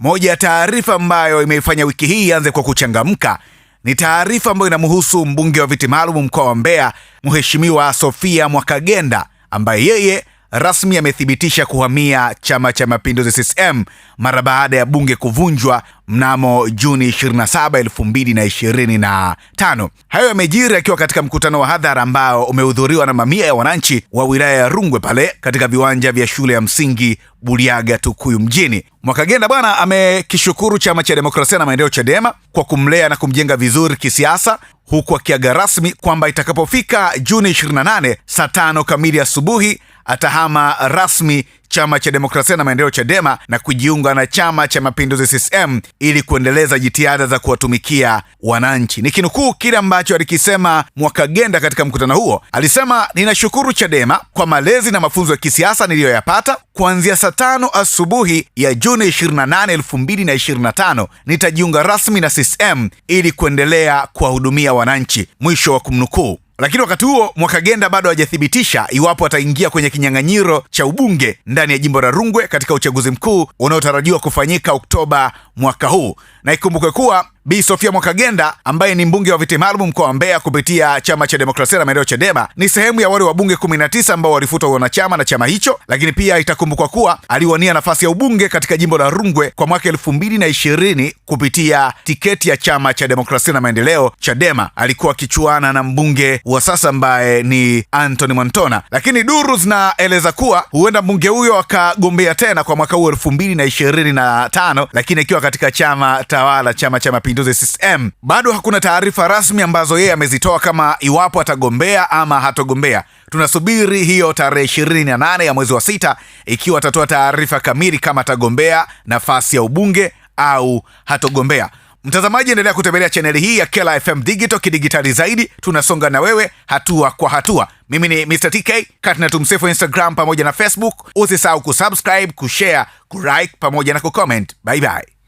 Moja ya taarifa ambayo imeifanya wiki hii ianze kwa kuchangamka ni taarifa ambayo inamhusu mbunge wa viti maalum mkoa wa Mbeya, Mheshimiwa Sofia Mwakagenda ambaye yeye rasmi amethibitisha kuhamia Chama cha Mapinduzi CCM mara baada ya bunge kuvunjwa mnamo Juni 27, 2025. Hayo yamejiri akiwa katika mkutano wa hadhara ambao umehudhuriwa na mamia ya wananchi wa wilaya ya Rungwe pale katika viwanja vya shule ya msingi Buliaga Tukuyu mjini. Mwakagenda bwana amekishukuru Chama cha Demokrasia na Maendeleo Chadema kwa kumlea na kumjenga vizuri kisiasa huku akiaga rasmi kwamba itakapofika Juni 28 saa tano kamili asubuhi atahama rasmi chama cha demokrasia na maendeleo Chadema na kujiunga na chama cha mapinduzi CCM ili kuendeleza jitihada za kuwatumikia wananchi. Nikinukuu kile ambacho alikisema Mwakagenda katika mkutano huo, alisema ninashukuru Chadema kwa malezi na mafunzo ya kisiasa niliyoyapata kuanzia saa tano asubuhi ya Juni 28, nitajiunga rasmi na CCM ili kuendelea kuwahudumia wananchi. Mwisho wa kumnukuu. Lakini wakati huo Mwakagenda bado hajathibitisha iwapo ataingia kwenye kinyang'anyiro cha ubunge ndani ya jimbo la Rungwe katika uchaguzi mkuu unaotarajiwa kufanyika Oktoba mwaka huu, na ikumbukwe kuwa Bi Sofia Mwakagenda ambaye ni mbunge wa viti maalum mkoa wa Mbeya kupitia chama cha demokrasia na maendeleo Chadema ni sehemu ya wale wabunge 19 ambao walifutwa wanachama na chama hicho, lakini pia itakumbukwa kuwa aliwania nafasi ya ubunge katika jimbo la Rungwe kwa mwaka na ishirini kupitia tiketi ya chama cha demokrasia na maendeleo Chadema. Alikuwa akichuana na mbunge wa sasa ambaye ni Anthony Montona, lakini duru zinaeleza kuwa huenda mbunge huyo akagombea tena kwa mwaka huu 2025 lakini akiwa katika chama tawala, chama cha mapinduzi CCM. Bado hakuna taarifa rasmi ambazo yeye amezitoa kama iwapo atagombea ama hatogombea. Tunasubiri hiyo tarehe ishirini na nane ya mwezi wa sita, ikiwa atatoa taarifa kamili kama atagombea nafasi ya ubunge au hatogombea. Mtazamaji, endelea kutembelea chaneli hii ya Kela FM Digital, kidigitali zaidi. Tunasonga na wewe hatua kwa hatua. Mimi ni Mr TK Katna, tumsefu Instagram pamoja na Facebook. Usisahau kusubscribe, kushare, kulike pamoja na kucomment. Bye bye.